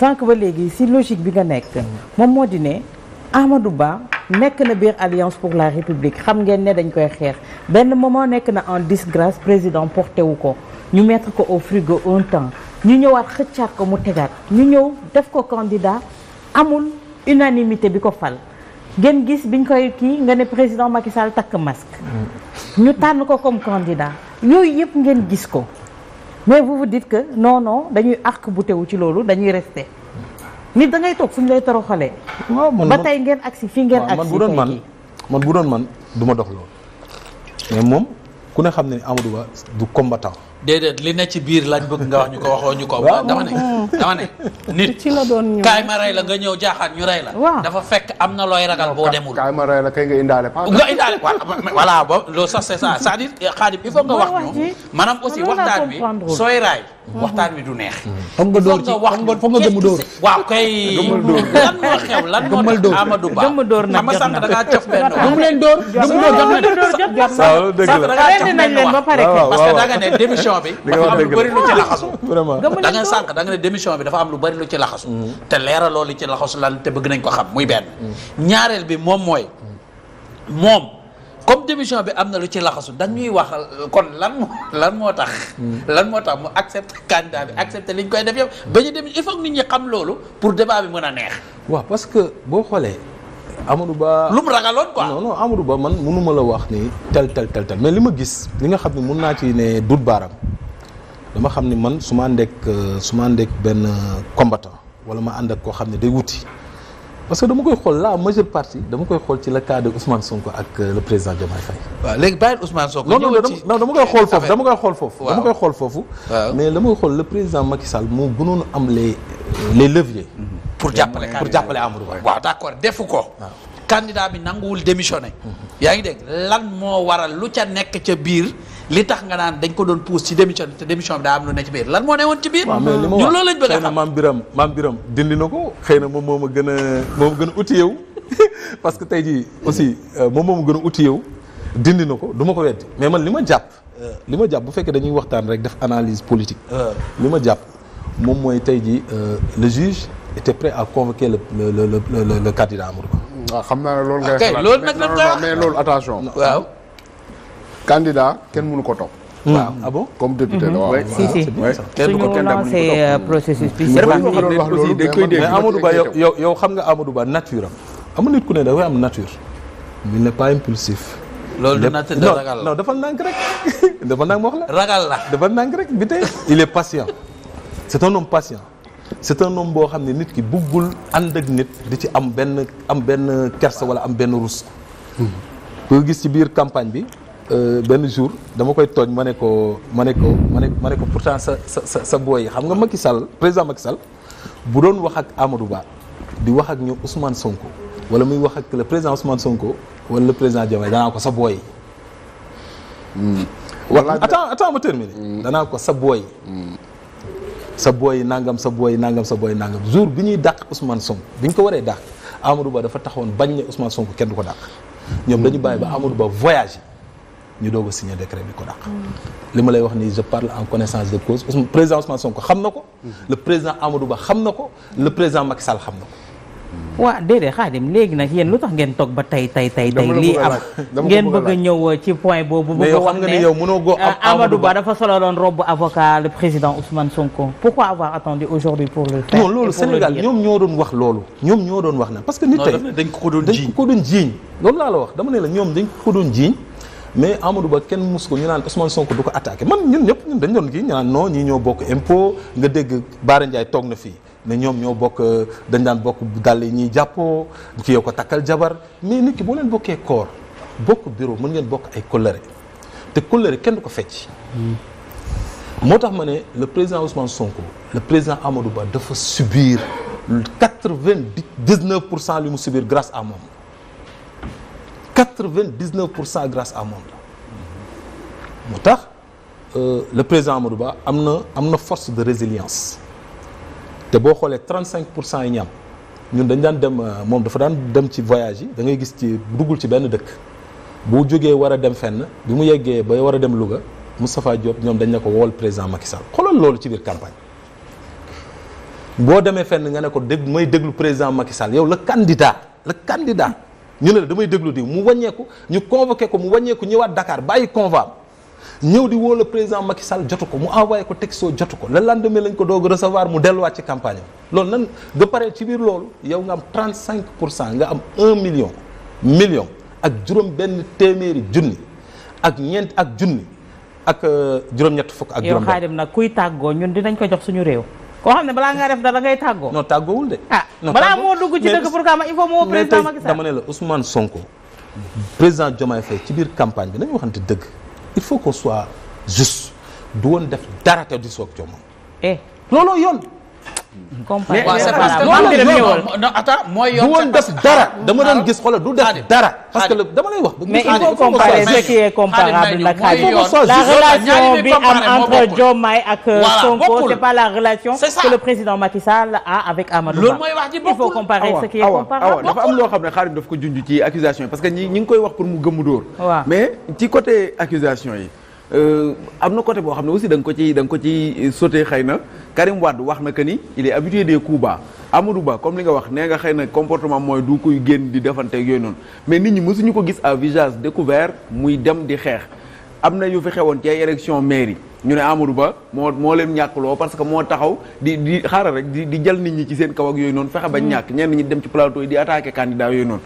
sànq ba léegi si logique bi nga nekk moom moo di ne Amadou Ba nekk na biir alliance pour la république xam ngeen ne dañ koy xeex benn moment nekk na en disgrâce président porté ko ñu mettre ko au frigo un temps ñu ñëwaat xëccaat ko mu tegaat ñu ñëw def ko candidat amul unanimité bi ko fal ngeen gis biñ koy kii nga ne président Macky Sall takk masque mm. ñu tànn ko comme candidat yooyu yëpp ngeen gis ko mais vous vous dites que noonoo dañuy àq bu tewu ci loolu dañuy resté nit da ngay toog fu ñu lay toroxalee. waaw man ba tey ngeen agsi fii ngeen. agsi man man man bu doon man du ma dox loolu. mais moom ku ne xam ne Amadou Ba du combattant. déedéet li ne ci biir lañ bëgg nga wax ñu ko waxoo ñu ko. dama ne dama ne. nit ci la doon ñëw kaay ma rey la nga ñëw jaaxaan ñu rey la. dafa fekk am na looy ragal boo demul. kaay ma rey la kay nga indaale. nga indaale voilà ba loolu sa c'est ça c'est-à-dire xaadim il faut nga wax ñu. maanaam aussi waxtaan bi sooy raay. waxtaan bi du neex. Mm-hmm. foog nga door ci foog nga foog nga gëmm door. waaw kay lan moo xew lan moo tax Amadou Ba gëmm door nag jot na dangaa cof benn wax. leen door gëmm door jot na la sànq dangaa cof benn wax danga ne démission démission bi. dafa am lu bëri lu ci laxasu. vraiment da nga sànq da nga ne démission bi dafa am lu bëri lu ci laxasu. Mm. te leera loolu ci laxasu lan te bëgg nañ ko xam muy benn. Mm. ñaareel bi moom mooy moom. comme démission bi am na lu ci laxasu ñuy wax kon lan moo lan moo tax. Mm. lan moo tax mu accepté candidat bi accepté liñ koy def yëpp ba ñu dem il faut nit ñi xam loolu pour débat bi mën a neex. waaw parce que boo xoolee. Amadou Ba lu mu Ba man mënu ma la wax ni tel tel tel mais li ma gis li nga xam ne mun naa ci ne dut baaram dama xam ni man su ma ànd su ma ànd benn combattant wala ma ànd ak koo xam ne day wuti parce que dama koy xool la majeure partie dama koy xool ci le cas de Ousmane Sonko ak euh, le président Diomaye Faye. waaw léegi bàyyi Ousmane Sonko. non non dama koy xool foofu dama koy xool foofu. mais dama koy xool le président Macky Sall moo gënoon am les les leviers. Mhm. pour jàppale pour jàppale Amadou Ba. waaw d'accord defu ko. Ah. candidat bi nanguwul démissionné. Mhm. yaa ngi dégg lan moo waral lu ca nekk ca biir li tax nga naan dañ ko doon pousse ci démission te démission bi daa am lu ne ci biir lan moo ne woon ci biir. waaw mais li ma wax loolu lañ bëgg a xam xëy na maam Biram maam Biram dindi na ko xëy na moom moo ma gën a moo ma gën a uti yow parce que tey jii aussi euh, moom moo ma gën a uti yow dindi na ko du ma ko weddi mais man li ma jàpp. Euh. li ma jàpp bu fekkee dañuy waxtaan rek def analyse politique. Euh. li ma jàpp. moom mooy tey jii euh, le juge était prêt à convoquer le le le le le, le candidat Amadou Ba. waaw ah, xam naa ne loolu ngay ah, xalaat mais lool attention. waaw. candidat kenn mënu ko topp. Hmm. Ah comme député la mhm. waaw. si si suñu lancé euh, mais Amadou yow xam nga Amadou Ba nature am. amul nit ku ne dafay am nature. il n'est pas impulsif. loolu du nature de ragal la non dafa rek ragal la dafa nànk rek bi tey il est patient. c'est un homme patient c'est un homme boo xam ne nit ki buggul ànd ak nit di ci am benn am benn kersa wala am benn rus hmm. ku gis ci biir campagne bi euh, benn jour dama koy tooj ma ne ko ma ne ko ma ne ma ne ko pourtant sa sa sa booy yi xam nga Macky Sall président Macky sal bu doon wax ak amadu Ba di wax ak ñoom Ousmane Sonko wala muy wax ak le président Ousmane Sonko wala la président Diomaye danaa ko sa booy yi. Hmm. wala attends attends hmm. danaa ko sa booy yi. sa booy nangam sa booy nangam sa booy nangam jour bi ñuy dàq Ousmane Sonko bi ñu ko waree dàq Amadou Ba dafa taxawoon bañ ne Ousmane Sonko kenn du ko dàq. ñoom dañu bàyyi ba Amadou Ba voyagé ñu doog a signé décret bi ko dàq. li ma lay wax nii je parle en connaissance de cause président Ousmane Sonko xam na ko. le président Amadou Ba xam na ko. le président Macky Sall xam na ko. waa déedéet xaadim léegi nag yéen lu tax ngeen toog ba tey tey tey tey lii am ngeen bëgg a euh, ci point boobu bëgg a wax ne yow mënoo go euh, Amadou Ba dafa solo doon robb avocat le président Ousmane Sonko pourquoi avoir attendu aujourd'hui pour le faire non ñoom ñoo doon wax loolu ñoom ñoo wax na parce que nit tey dañ ko doon dañ ko doon jiiñ loolu laa la wax dama ne la ñoom dañ ko doon jiiñ mais Amadou Ba kenn mus ko ñu naan Ousmane Sonko du ko attaqué man ñun ñëpp ñun dañ doon kii ñu naan non ñii ñoo bokk impôt nga dégg Bara Ndiaye toog na fii ne ñoom ñoo bokk euh, dañ daan bokk dàll yi ñuy jàppoo ki yow ko takkal jabar mais nit ki boo leen bokkee koor bokk bureau mën ngeen bokk ay kóllëre te kóllëre kenn du ko fecc hmm. moo tax ma ne le président Ousmane Sonko le président Amadou Ba dafa subir quatre-vingt-dix-neuf pour cent li mu subiir grâce à moom quatre-vingt-dix-neuf pour cent grâce à moom la moo tax euh, le président Amadou Ba am na am na force de résilience te boo xoolee 35 pour cent yi ñu ñun dañ daan dem euh, moom dafa daan dem ci voyage yi da ngay gis ci duggul ci benn dëkk bu jógee war a dem fenn bi mu yeggee ba war a dem Louga Moustapha Diop ñoom dañ ne ko wool président Macky Sall xoolal loolu ci biir campagne boo demee fenn nga ne ko dégg may déglu président Macky Sall yow la candidat la candidat ñu ne la damay déglu di mu waññeeku ñu convoqué ko mu wàññeeku ñëwaat dakaar bàyyi convoi ñëw di woo la président Macky Sall jotu ko mu envoyé ko texto jotu ko le lendemain lañ ko doog recevoir mu delluwaat ci campagne am loolu nan nga pare ci biir loolu yow nga am 35 pour cent nga am 1 million million ak juróom benn téeméeri junni ak ñeent ak junni ak euh, juróom-ñett fukk ak juróom yow Xaadim nag kuy tàggoo ñun dinañ ko jox suñu réew koo xam ne balaa ngaa def dara ngay tàggoo non tàggoowul de ah balaa moo dugg ci dëkk pour que ama il faut moo président Macky Sall dama ne la Ousmane ci biir campagne bi nañu waxante dëgg il faut qu'on soit juste du woon def dara te di soog coono. eh looloo yoon. comparé waaw c'est parce que man de ñëwal dama doon gis xoolal du def dara. parce que wax. mais il faut comparer ce qui est comparable la relation bi am entre ak que le président Macky a avec Amadou Ba. loolu mooy wax ji bokkul il faut comparer ce qui est comparable. dafa am loo xam ne xaarim daf ko junj ci accusation parce que ñi ñi ngi koy wax pour mu gëmu dóor. mais ci côté accusation yi. Euh, am na côté boo xam ne aussi danga ko ci da nga ko ci sauté xëy na Karim Wade wax na que ni il est habitué des coups bas Amadou Ba comme li nga wax nee nga xëy na comportement mooy du kuy génn di defante yooyu noonu mais nit ñi mësuñu ko gis à visage découvert muy dem di xeex am na yu fi xewoon ci ay élection yi ñu ne Amadou Ba moo moo leen loo parce que moo taxaw di di xaaral rek di di jël nit ñi ci seen kaw ak yooyu noonu fexe ba ñàkk ñenn ñi dem ci plateau yi di attaqué candidat yooyu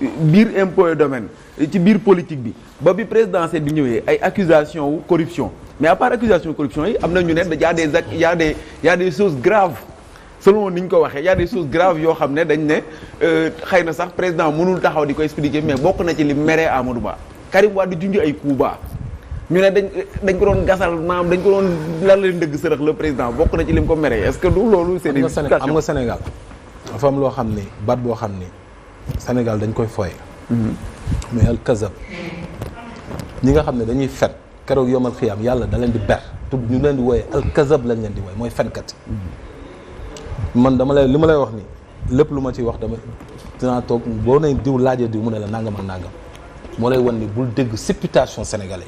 biir impôt domaine ci biir politique bi ba bi présidentielle bi ñëwee ay accusation wu corruption mais à part accusation corruption yi am na ñu ne y a des y a des y a des choses graves ñu ko waxee y a des choses yoo xam ne dañ ne euh, xëy na sax président mënul taxaw di koy expliquer mais bokk na ci li mere Amadou Ba Karim Wade di junj ay coup ñu ne dañ dañ ko doon gasal maam dañ ko doon lan leen dëgg sërëx le président bokk na ci li ko mere est loolu c'est des situations am nga Sénégal dafa am loo xam ne baat boo xam ne Sénégal dañ koy foye mhm. mais al kazab ñi nga xam ne dañuy fen keroog yomal xiyaam yàlla da leen di ber tudd ñu leen di wooyee al kazab lañ leen di wooye mooy fenkat mhm. man dama lay li ma lay wax ni lépp lu ma ciy wax dama dinaa toog boo ne diw laajee diw mu ne la nangam ak nangam moo lay wan ni bul dégg supputation sénégalais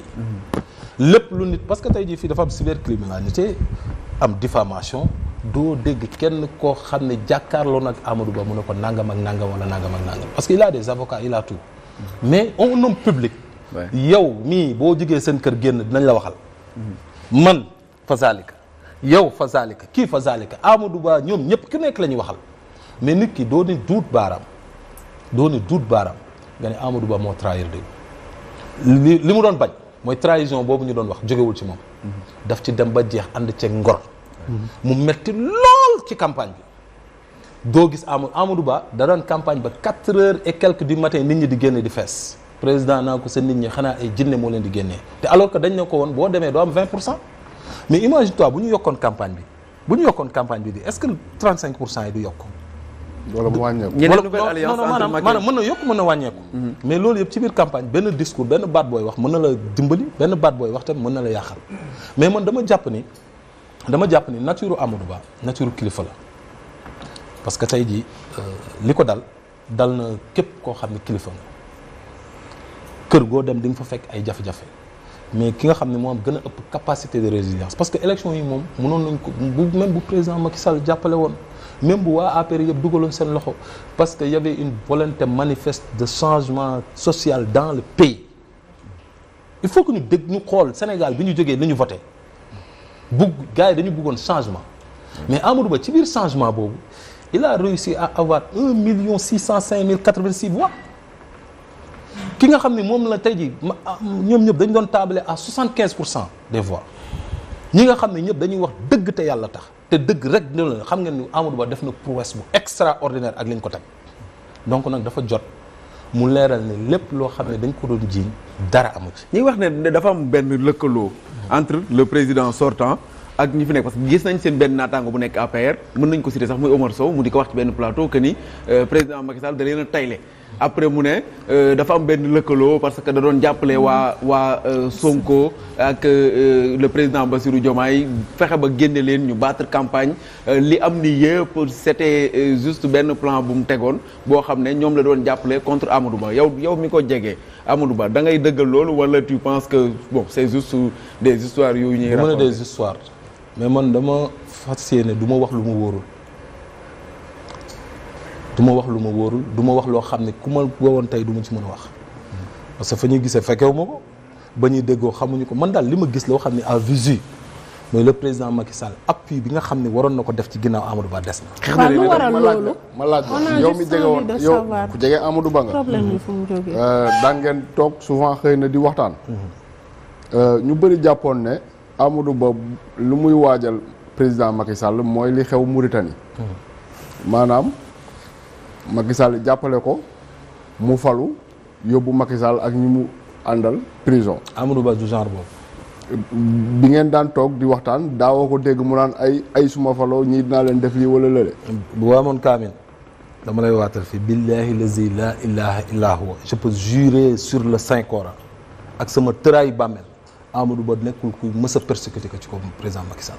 yi mhm. lépp lu nit parce que tey jii fii dafa am cybercriminalité am diffamation doo dégg kenn koo xam ne jàkkaarloo nag Amadou Ba mu ne ko nangam ak nangam wala nangam ak nangam parce que il de des avocats tout mais un homme public. yow mii boo jógee seen kër génn dinañ la waxal. Mm-hmm. man Fazalika yow Fazalika kii Amadou Ba ñoom ñëpp ku nekk la ñuy waxal mais nit ki doo ni duut baaraam doo ni duut baaraam nga ne Amadou moo trahir de li li mu doon bañ mooy trahison boobu ñu doon wax jógewul ci moom. Mm-hmm. daf ci dem ba jeex ànd ceeg ngor. mu metti lool ci campagne bi. doo gis Amadou Amadou Ba da doon campagne ba quatre heures et quelques du matin nit ñi di génne di fees président naa ko sa nit ñi xanaa ay jinne moo leen di génnee te alors que dañ ne ko woon boo demee doo am 20 pour cent mais imagine toi bu ñu yokkoon campagne bi bu ñu yokkoon campagne bi di est-ce que 35 pour cent yi du yokk. wala mu wàññeeku ñeneen nouvelle alliance maanaam maanaam mën na yokk mën na wàññeeku. Mhm. mais loolu yëpp ci biir campagne benn baat booy wax mën na la dimbali na la yaaxal mais man dama jàpp ni. dama jàpp ni nature Amadou Ba nature kilifa la parce que tey jii euh, li ko dal dal na képp koo xam ne kilifa nga kër goo dem di nga fa fekk ay jafe-jafe mais ki nga xam ne moo am gën a ëpp capacité de résilience parce que élection yi moom mënoon nañ ko bu même bu président Macky Sall jàppale woon même bu waa APR yëpp duggaloon seen loxo parce que y avait une volonté manifeste de changement social dans le pays il faut que ñu dégg ñu xool Sénégal bi ñu jógee li ñu voté bugg gars yi dañu buggoon changement. mais Amadou Ba ci biir changement boobu il a réussi à avoir un million six cent cinq mille quatre vingt six voix. ki nga xam ne moom la tey jii ah, ñoom ñëpp dañu doon tabler à soixante quinze pour cent des voix ñi nga xam ne ñëpp dañuy wax dëgg te yàlla tax te dëgg rek xam ngeen ni Amadou Ba def na prouesse bu extraordinaire ak li ko teg donc nag dafa jot. mu leeral ne lépp loo xam ne dañ ko doon jiiñ dara amu ci. ñuy wax ne dafa am benn lëkkaloo. entre le président sortant ak ñi fi nekk parce que gis nañ seen benn naataango bu nekk APR mën nañ ko citer sax muy Omar Sow mu di ko wax ci benn plateau que ni euh, président Macky Sall da tayle après mu ne euh, dafa am benn lëkkaloo parce que da doon jàppale mm-hmm. waa waa euh, Sonko ak euh, le président Bassirou Diomaye fexe ba génne leen ñu battre campagne li am ni yëpp c'était juste benn plan bu mu tegoon boo xam ne ñoom la doon jàppale contre Amadou Ba yow yow mi ko jege Amadou Ba da ngay dëggal loolu wala tu pense que bon c'est juste des histoires yooyu ñuy raconter des histoires mais man dama fas yéene du ma wax lu mu wóorul du ma wax lu ma wóorul du ma wax loo xam ne ku ma wowoon tey duma ci mën a wax parce que fa ñuy gisee fekkewu ma ko ba ñuy déggoo xamuñu ko man daal li ma gis loo xam ne à visu mooy le président Macky Sall appui bi nga xam ne waroon na ko def ci ginnaaw Amadou Ba des na. waaw lu ma laaj yow mi jege woon yow ku jege Amadou Ba nga. Mhm. Euh, toog souvent xëy na di waxtaan. Euh, ñu bëri jàppoon ne Amadou Ba lu muy waajal président Macky Sall mooy li xew Mauritanie. Mhm. maanaam. Macky Sall jàppale ko mu falu yóbbu Macky ak ñi mu àndal prison. Amadou Ba du genre boobu. bi ngeen daan toog di waxtaan daawoo ko dégg mu naan ay ay suma faloo ñii dinaa leen def lii wala le bu amoon Kaamil dama lay waatal fii billahi lazi la ilaha illa huwa je jurer sur le saint Coran ak sama tëraay bàmmeel Amadou Ba nekkul ku mës a persécuté ko ci ko président Macky Sall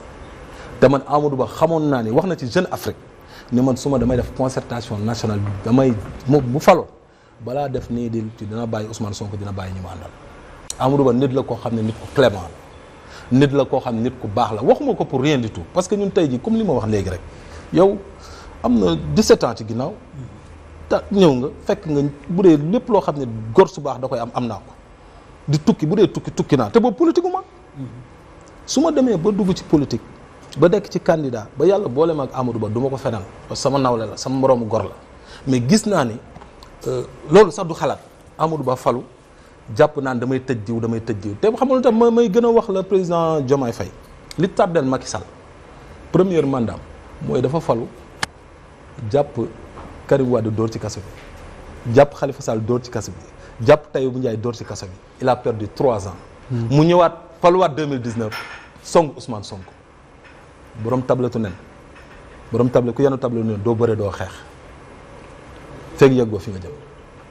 te man Amadou Ba xamoon naa ni wax na ci Jeune Afrique. ne man suma ma damay def concertation national bi damay mu bu falo balaa def nii di ci dina bàyyi soo ko dina bàyyi ñu ma àndal Amadou Ba nit la koo xam ne nit ku clément la nit la koo xam ne nit ku baax la waxuma ko pour rien du tout parce que ñun tey ji comme li ma wax léegi rek yow am na 17 ans ci ginnaaw ta ñëw nga fekk nga bu dee lépp loo xam ne gor su baax da koy am am naa ko di tukki bu dee tukki tukki naa te boobu politique ma su ma demee ba dugg ci politique ba dekk ci candidat ba yàlla booleem ak Amadou Ba duma ko fenal sama nawle la sama moroomu gor la mais gis naa ni euh, loolu sax du xalaat Amadou Ba falu jàpp naan damay tëj jiw damay tëj jiw te xam nga tam ma may gën a wax la président Diomaye fay li tardel Macky Sall premier mandat mooy dafa falu jàpp Karim Wade dóor ci kaso bi jàpp Khalifa Sall dóor ci kaso bi jàpp bu Ndiaye dóor ci kaso bi il a perdu trois ans hmm. mu ñëwaat faluwaat 2019 song Ousmane Sonko boroom tabletu nen boroom table ku yenu table nen doo bëre doo xeex fekk yëggoo fi nga jëm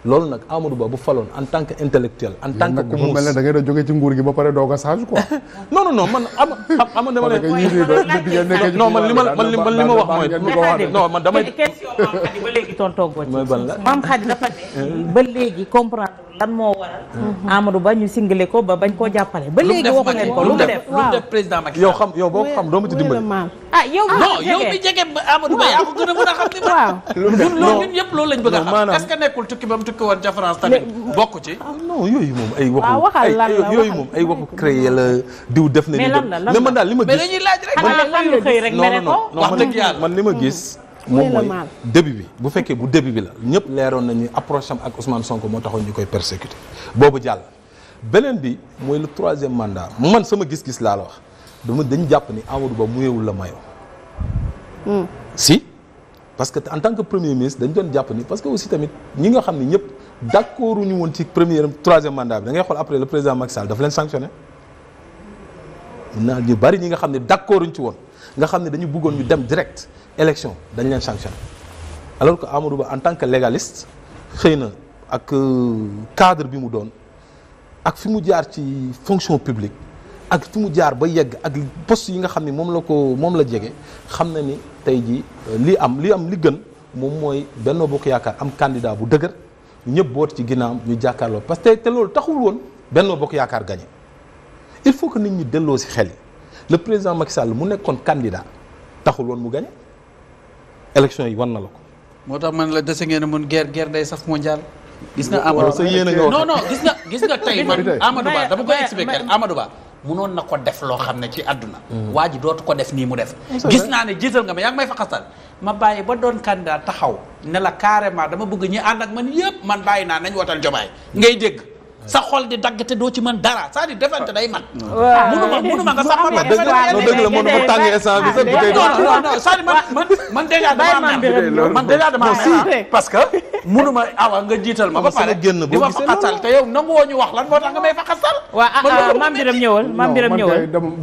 loolu nag Amadou Ba bu faloon en tant que intellectuel en tant que ku muus mel ne da jóge ci nguur gi ba pare doog a sage quoi non non non man am ama dama lay non man li ma man li man li ma wax mooy non man damay question maam xadi ba léegi tontoogoo ci maam xadi dafa ne ba léegi comprendre lan moo waral. Mhm. Amadou Ba ñu singale ko ba bañ koo jàppale. ba léegi waxu ngeen ko lu mu def lu mu def président Macky yow xam yow boo ko xam doo ma ci dimbali. ah yow mi non yow mi jege Amadou a a xam ni. waaw ñun loolu ñun yëpp loolu lañ bëgg a xam est-ce nekkul tukki ba mu tukki woon ca France tamit bokk ci. Ah, non yooyu moom ay waxu ay yooyu moom ay waxu créé diw def na. mais lan la lan la mais man daal li ma gis. mais dañuy laaj rek. xanaa lan la xëy rek mere ko wax dëgg yàlla man li ma gis moom mooy début bi bu fekkee bu début bi la ñëpp leeroon nañu approche am ak Ousmane Sonko moo taxoon ñu koy persécuté boobu jàll beneen bi mooy le troisième mandat man sama gis-gis laa la wax dama dañ jàpp ni Amadou Ba muyewul la mayoo hmm. si parce que en tant que premier ministre dañ doon jàpp ni parce que aussi tamit ñi nga xam ne ñëpp d'accord ñu woon ci premier troisième mandat bi da ngay xool après le président Macky Sall dafa leen sanctionné mun naa ñu bari ñi nga xam ne d'accord ñu ci woon nga xam ne dañu bëggoon ñu dem direct élection dañ leen sanctionné alors que Amadou Ba en tant que légaliste xëy na ak euh, cadre bi mu doon ak fi mu jaar ci fonction publique ak fi mu jaar ba yegg ak post yi nga xam ne moom la ko moom la jege xam na ni tey jii euh, li am li am li gën moom mooy Benno Bokk Yaakaar am candidat bu dëgër ñëpp boot ci ginnaawam ñu jàkkaarloo parce que te loolu taxul woon Benno Bokk Yaakaar gagné il faut que nit ñi delloo si xel yi. le président Macky Sall mu nekkoon candidat taxul woon mu gagné élection yi wan na la ko. moo tax man la dese ngeen a mun guerre guerre day saf mondial. gis na Amadou Ba non non gis nga gis nga tey man Amadou Ba dama koy expliquer Amadou Ba. munoon na ko def loo xam ne ci àdduna mm. waa ji dootu ko def nii mu def gis naa ne jiital nga ma yaa ngi may fa xasal ma bàyyi ba doon candidat taxaw ne la carrément dama bëgg ñi ànd ak man yëpp man bàyyi naa nañ wotal jomaay ngay dégg sa xol di dagg doo ci mën dara saa à dire defante ah. day mat. munuma munuma nga sax papa ah, dëgg la dëgg la munuma tàng instant bi sax bu tey non non non c'est-à-dire man man man déjà dama mer man déjà munuma awa ah, nga jiital ma ba pare di ma faxasal te yow nangu woo wax lan moo tax nga may faxasal. wa a ah maam Biram ñëwal maam Biram ñëwal.